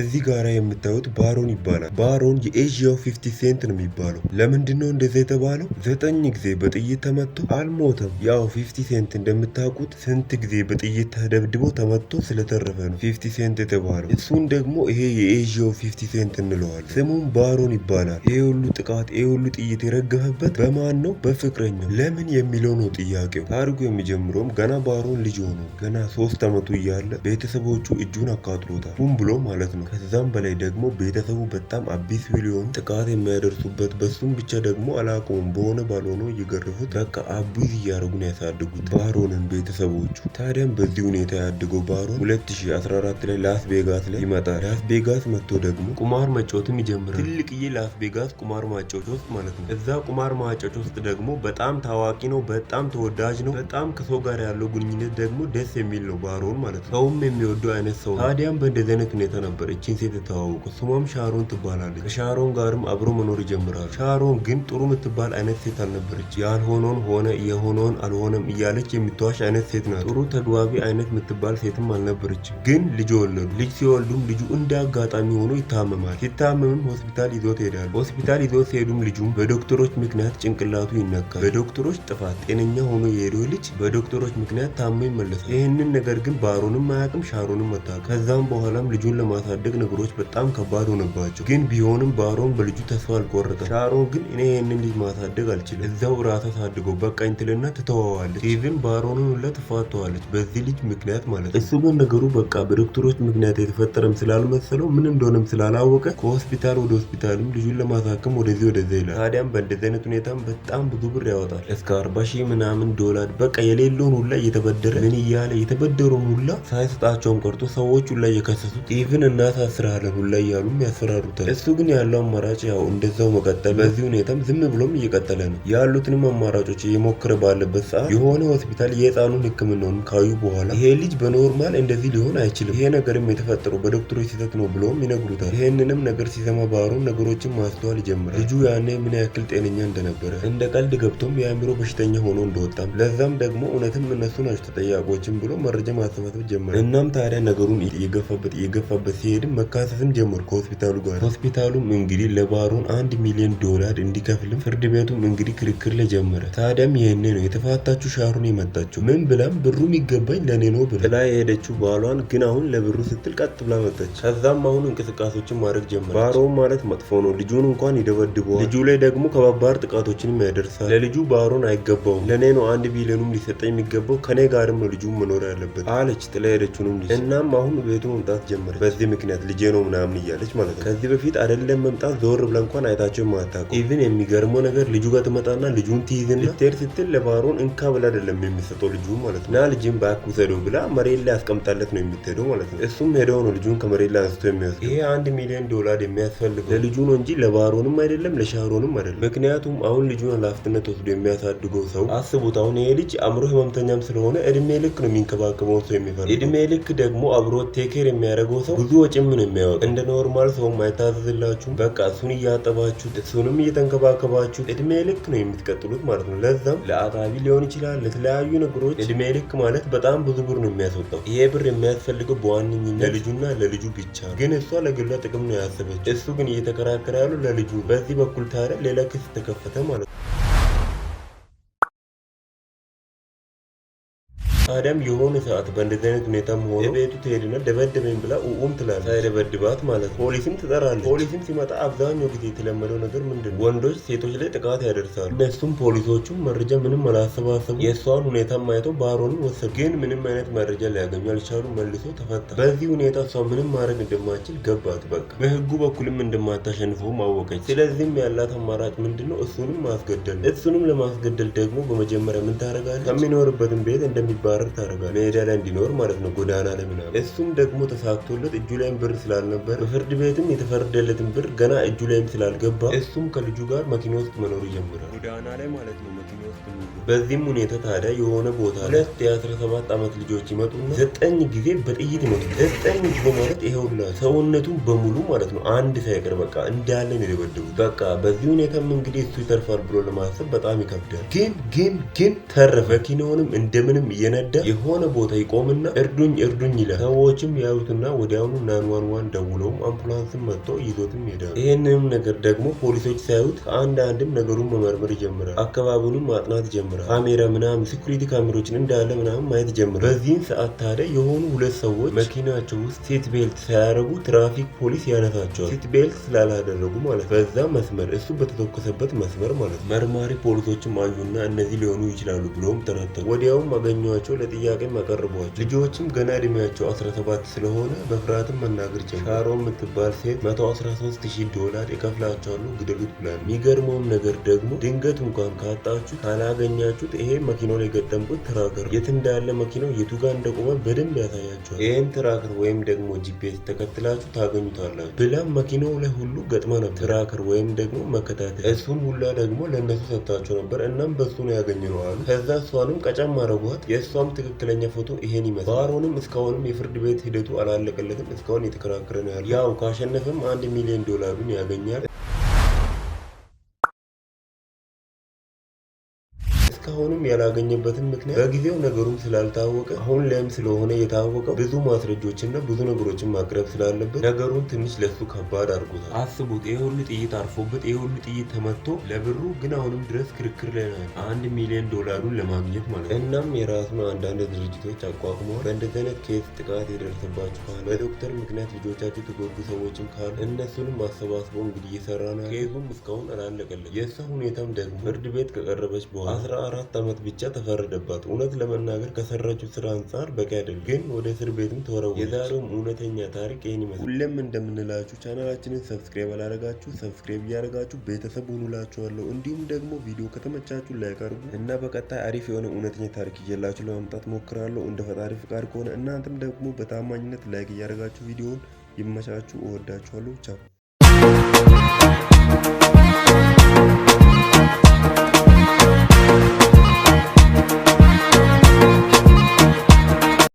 እዚህ ጋራ የምታዩት ባሮን ይባላል። ባሮን የኤዥያው ፊፍቲ ሴንት ነው የሚባለው። ለምንድን ነው እንደዚህ የተባለው? ዘጠኝ ጊዜ በጥይት ተመቶ አልሞተም። ያው ፊፍቲ ሴንት እንደምታውቁት ስንት ጊዜ በጥይት ተደብድቦ ተመቶ ስለተረፈ ነው ፊፍቲ ሴንት የተባለው። እሱን ደግሞ ይሄ የኤዥያው ፊፍቲ ሴንት እንለዋል። ስሙም ባሮን ይባላል። ይሄ ሁሉ ጥቃት፣ ይሄ ሁሉ ጥይት የረገፈበት በማን ነው? በፍቅረኛው። ለምን የሚለው ነው ጥያቄው። ታሪኩ የሚጀምረውም ገና ባሮን ልጅ ሆኖ ገና ሶስት አመቱ እያለ ቤተሰቦቹ እጁን አቃጥሎታል። ሁም ብሎ ማለት ነው ነው። ከዛም በላይ ደግሞ ቤተሰቡ በጣም አቢስ ቢሊዮን ጥቃት የሚያደርሱበት በሱም ብቻ ደግሞ አላቆም በሆነ ባልሆነ እየገረፉት በቃ አቢዝ እያደረጉ ነው ያሳድጉት ባሮንን ቤተሰቦቹ። ታዲያም በዚህ ሁኔታ ያድገው ባሮን 2014 ላይ ላስ ቬጋስ ላይ ይመጣል። ላስ ቬጋስ መጥቶ ደግሞ ቁማር መጫወትም ይጀምራል። ትልቅዬ ላስ ቬጋስ ቁማር ማጫወቻ ውስጥ ማለት ነው። እዛ ቁማር ማጫወቻ ውስጥ ደግሞ በጣም ታዋቂ ነው፣ በጣም ተወዳጅ ነው። በጣም ከሰው ጋር ያለው ግንኙነት ደግሞ ደስ የሚል ነው ባሮን ማለት ነው። ሰውም የሚወደው አይነት ሰው። ታዲያም በእንደዚህ አይነት ሁኔታ ነበር እችን ሴት ተዋወቁ። ስሟም ሻሮን ትባላለች። ከሻሮን ጋርም አብሮ መኖር ይጀምራሉ። ሻሮን ግን ጥሩ የምትባል አይነት ሴት አልነበረች። ያልሆነውን ሆነ የሆነውን አልሆነም እያለች የምትዋሽ አይነት ሴት ናት። ጥሩ ተግባቢ አይነት የምትባል ሴትም አልነበረች። ግን ልጅ ወለዱ። ልጅ ሲወልዱም ልጁ እንደ አጋጣሚ ሆኖ ይታመማል። ሲታመምም ሆስፒታል ይዞት ይሄዳሉ። ሆስፒታል ይዞት ሲሄዱም ልጁም በዶክተሮች ምክንያት ጭንቅላቱ ይነካል። በዶክተሮች ጥፋት ጤነኛ ሆኖ የሄደው ልጅ በዶክተሮች ምክንያት ታሞ ይመለሳል። ይህንን ነገር ግን ባሮንም አያውቅም ሻሮንም መታ ከዛም በኋላም ልጁን ለማሳደ ማሳደግ ነገሮች በጣም ከባድ ሆነባቸው። ግን ቢሆንም ባሮን በልጁ ተስፋ አልቆረጠም። ሻሮን ግን እኔ ይህንን ልጅ ማሳደግ አልችልም፣ እዛው ራሷ ታድገው በቃኝ ትልና ትተዋዋለች። ኢቭን ባሮንን ሁላ ትፋተዋለች፣ በዚህ ልጅ ምክንያት ማለት ነው። እሱ ነገሩ በቃ በዶክተሮች ምክንያት የተፈጠረም ስላልመሰለው ምን እንደሆነም ስላላወቀ ከሆስፒታል ወደ ሆስፒታልም ልጁን ለማሳከም ወደዚህ ወደዚህ ይላል። ታዲያም በእንደዚህ አይነት ሁኔታም በጣም ብዙ ብር ያወጣል፣ እስከ አርባ ሺህ ምናምን ዶላር በቃ የሌለውን ሁላ እየተበደረ ምን እያለ የተበደረውን ሁላ ሳይሰጣቸውም ቀርቶ ሰዎች ሁላ እየከሰሱት ኢቭን እና ታስርሃል ሁላ እያሉም ያስፈራሩታል። እሱ ግን ያለው አማራጭ ያው እንደዛው መቀጠል። በዚህ ሁኔታም ዝም ብሎም እየቀጠለ ነው። ያሉትንም አማራጮች እየሞከረ ባለበት ሰዓት የሆነ ሆስፒታል የህፃኑን ህክምናውን ካዩ በኋላ ይሄ ልጅ በኖርማል እንደዚህ ሊሆን አይችልም፣ ይሄ ነገርም የተፈጠረው በዶክተሮች ስህተት ነው ብለውም ይነግሩታል። ይህንንም ነገር ሲሰማ ባሮን ነገሮችን ማስተዋል ይጀምራል። ልጁ ያኔ ምን ያክል ጤነኛ እንደነበረ እንደ ቀልድ ገብቶም የአእምሮ በሽተኛ ሆኖ እንደወጣም ለዛም ደግሞ እውነትም እነሱ ናቸው ተጠያቆችም ብሎ መረጃ ማሰባሰብ ጀመረ። እናም ታዲያ ነገሩን የገፋበት የገፋበት ሲሄድ ስሄድም መካተትም ጀመርኩ ከሆስፒታሉ ጋር። ሆስፒታሉም እንግዲህ ለባሮን አንድ ሚሊዮን ዶላር እንዲከፍልም ፍርድ ቤቱም እንግዲህ ክርክር ለጀመረ። ታዲያም ይህን ነው የተፋታችሁ ሻሩን የመጣችው። ምን ብላም ብሩ ይገባኝ ለእኔ ነው ብላ ጥላ የሄደችው ባሏን ግን አሁን ለብሩ ስትል ቀጥ ብላ መጣች። ከዛም አሁን እንቅስቃሴዎችን ማድረግ ጀመረች። ባሮን ማለት መጥፎ ነው። ልጁን እንኳን ይደበድበዋል። ልጁ ላይ ደግሞ ከባባር ጥቃቶችንም ያደርሳል። ለልጁ ባሮን አይገባውም። ለእኔ ነው አንድ ቢሊዮኑም ሊሰጠኝ የሚገባው። ከኔ ጋርም ነው ልጁ መኖር ያለበት አለች ጥላ ሄደችውንም ልጅ። እናም አሁን ቤቱ መምጣት ጀመረች በዚህ ምክንያት ምክንያት ልጄ ነው ምናምን እያለች ማለት ነው። ከዚህ በፊት አይደለም መምጣት ዞር ብላ እንኳን አይታቸው ማታቁ። ኢቭን የሚገርመው ነገር ልጁ ጋር ትመጣና ልጁን ትይዝና ልትሄድ ስትል ለባሮን እንካ ብላ አይደለም የሚሰጠው ልጁ ማለት ነው። ና ልጅን ባክ ውሰደው ብላ መሬት ላይ አስቀምጣለት ነው የምትሄደው ማለት ነው። እሱም ሄደው ነው ልጁን ከመሬት ላይ አንስቶ የሚወስደው። ይሄ አንድ ሚሊዮን ዶላር የሚያስፈልገው ለልጁ ነው እንጂ ለባሮንም አይደለም ለሻሮንም አይደለም። ምክንያቱም አሁን ልጁን ኃላፊነት ወስዶ የሚያሳድገው ሰው አስቡት። አሁን ይሄ ልጅ አእምሮ ህመምተኛም ስለሆነ እድሜ ልክ ነው የሚንከባከበው ሰው የሚፈልገው። እድሜ ልክ ደግሞ አብሮ ቴኬር የሚያደርገው ሰው ብዙ ወጪ ጭም ምን የሚያወቅ። እንደ ኖርማል ሰው አይታዘዝላችሁም። በቃ እሱን እያጠባችሁ እሱንም እየተንከባከባችሁ እድሜ ልክ ነው የምትቀጥሉት ማለት ነው። ለዛም ለአጣቢ ሊሆን ይችላል ለተለያዩ ነገሮች እድሜ ልክ ማለት በጣም ብዙ ብር ነው የሚያስወጣው። ይሄ ብር የሚያስፈልገው በዋነኝነት ለልጁና ለልጁ ብቻ ግን እሷ ለግሏ ጥቅም ነው ያሰበች። እሱ ግን እየተከራከረ ያሉ ለልጁ። በዚህ በኩል ታዲያ ሌላ ክስ ተከፈተ ማለት ነው። ታዲያም የሆነ ሰዓት በእንደዚህ አይነት ሁኔታም ሆኖ ቤቱ ትሄድና ደበደበኝ ብላ ኡኡም ትላለች፣ ሳይደበድባት ማለት ነው። ፖሊስም ትጠራለች። ፖሊስም ሲመጣ አብዛኛው ጊዜ የተለመደው ነገር ምንድን ነው? ወንዶች ሴቶች ላይ ጥቃት ያደርሳሉ። እነሱም ፖሊሶቹም መረጃ ምንም አላሰባሰቡ። የእሷን ሁኔታም ማየተው ባሮንን ወሰዱ። ግን ምንም አይነት መረጃ ሊያገኙ አልቻሉ። መልሶ ተፈታ። በዚህ ሁኔታ እሷ ምንም ማድረግ እንደማችል ገባት። በቃ በህጉ በኩልም እንደማታሸንፈውም አወቀች ስለዚህም ያላት አማራጭ ምንድነው? እሱንም ማስገደል። እሱንም ለማስገደል ደግሞ በመጀመሪያ ምን ታደርጋለች? ከሚኖርበትም ቤት እንደሚባል እንዲያንጸባርቅ ታደርጋል። ሜዳ ላይ እንዲኖር ማለት ነው፣ ጎዳና ላይ ምናምን። እሱም ደግሞ ተሳክቶለት እጁ ላይም ብር ስላልነበር በፍርድ ቤትም የተፈረደለትን ብር ገና እጁ ላይም ስላልገባ እሱም ከልጁ ጋር መኪና ውስጥ መኖር ይጀምራል፣ ጎዳና ላይ ማለት ነው፣ መኪና ውስጥ። በዚህም ሁኔታ ታዲያ የሆነ ቦታ ሁለት የ17 ዓመት ልጆች ይመጡና ዘጠኝ ጊዜ በጥይት ይመጡ። ዘጠኝ ጊዜ ማለት ይኸውና ሰውነቱን በሙሉ ማለት ነው፣ አንድ ሳይቀር በቃ እንዳለ ነው የደበደቡት። በቃ በዚህ ሁኔታም እንግዲህ እሱ ይተርፋል ብሎ ለማሰብ በጣም ይከብዳል። ግን ግን ግን ተረፈ። መኪናውንም እንደምንም እየነዳ እየነዳ የሆነ ቦታ ይቆምና እርዱኝ እርዱኝ ይላል። ሰዎችም ያዩትና ወዲያውኑ ናንዋንዋን ደውለውም አምቡላንስም መጥቶ ይዞትም ይሄዳል። ይህንንም ነገር ደግሞ ፖሊሶች ሳያዩት ከአንድ አንድም ነገሩን መመርመር ይጀምራል። አካባቢውንም ማጥናት ጀምራል። ካሜራ ምናምን ሴኩሪቲ ካሜሮችን እንዳለ ምናምን ማየት ጀምራል። በዚህም ሰዓት ታዲያ የሆኑ ሁለት ሰዎች መኪናቸው ውስጥ ሴት ቤልት ሳያደርጉ ትራፊክ ፖሊስ ያነሳቸዋል። ሴት ቤልት ስላላደረጉ ማለት በዛ መስመር እሱ በተተኮሰበት መስመር ማለት መርማሪ ፖሊሶችም አዩና እነዚህ ሊሆኑ ይችላሉ ብለውም ተነተሩ። ወዲያውም አገኘዋቸው ለጥያቄም አቀርቧቸው ልጆችም ገና እድሜያቸው 17 ስለሆነ በፍርሃትም መናገር ጀመሩ። ሻሮ የምትባል ሴት 113000 ዶላር ይከፍላቸዋሉ ግደሉት ብላል። የሚገርመውም ነገር ደግሞ ድንገት እንኳን ካጣችሁ ካላገኛችሁት ይሄ መኪናው ላይ የገጠምኩት ትራከር የት እንዳለ መኪናው የቱ ጋር እንደቆመ በደንብ ያሳያቸዋል። ይህን ትራከር ወይም ደግሞ ጂፒኤስ ተከትላችሁ ታገኙታላችሁ። ብላም መኪናው ላይ ሁሉ ገጥመ ነበር ትራከር ወይም ደግሞ መከታተል። እሱን ሁላ ደግሞ ለእነሱ ሰጥታቸው ነበር። እናም በሱ ነው ያገኘነው አሉ። ከዛ እሷንም ቀጫም አረጓት የእሷም የአሁኑ ትክክለኛ ፎቶ ይሄን ይመስላል። ባሮንም እስካሁንም የፍርድ ቤት ሂደቱ አላለቀለትም። እስካሁን የተከራከረ ነው ያለው። ያው ካሸነፈም አንድ ሚሊዮን ዶላሩን ያገኛል። እስካሁንም ያላገኘበትን ምክንያት በጊዜው ነገሩም ስላልታወቀ አሁን ላይም ስለሆነ የታወቀው ብዙ ማስረጃዎችና ብዙ ነገሮችን ማቅረብ ስላለበት ነገሩን ትንሽ ለሱ ከባድ አድርጎታል። አስቡት ይህ ሁሉ ጥይት አርፎበት ይህ ሁሉ ጥይት ተመቶ ለብሩ ግን አሁንም ድረስ ክርክር ላይ አንድ ሚሊዮን ዶላሩን ለማግኘት ማለት ነው። እናም የራሱን አንዳንድ ድርጅቶች አቋቁመዋል። በእንደዚህ አይነት ኬስ ጥቃት የደረሰባቸው ካለ በዶክተር ምክንያት ልጆቻቸው ተጎዱ ሰዎችም ካሉ እነሱንም አሰባስቦ እንግዲህ እየሰራ ነው። ኬዙም እስካሁን አላለቀለም። የእሷ ሁኔታም ደግሞ ፍርድ ቤት ከቀረበች በኋላ አራት ዓመት ብቻ ተፈረደባት። እውነት ለመናገር ከሰራችው ስራ አንጻር በቂ አይደል፣ ግን ወደ እስር ቤትም ተወረወረች። የዛሬውም እውነተኛ ታሪክ ይህን ይመስል። ሁሌም እንደምንላችሁ ቻናላችንን ሰብስክራይብ አላረጋችሁ ሰብስክራይብ እያደረጋችሁ ቤተሰብ ሁኑላችኋለሁ። እንዲሁም ደግሞ ቪዲዮ ከተመቻችሁ ላይቀርቡ እና በቀጣይ አሪፍ የሆነ እውነተኛ ታሪክ እየላችሁ ለማምጣት ሞክራለሁ እንደ ፈጣሪ ፍቃድ ከሆነ። እናንተም ደግሞ በታማኝነት ላይክ እያደረጋችሁ ቪዲዮውን ይመቻችሁ። እወዳችኋለሁ። ቻው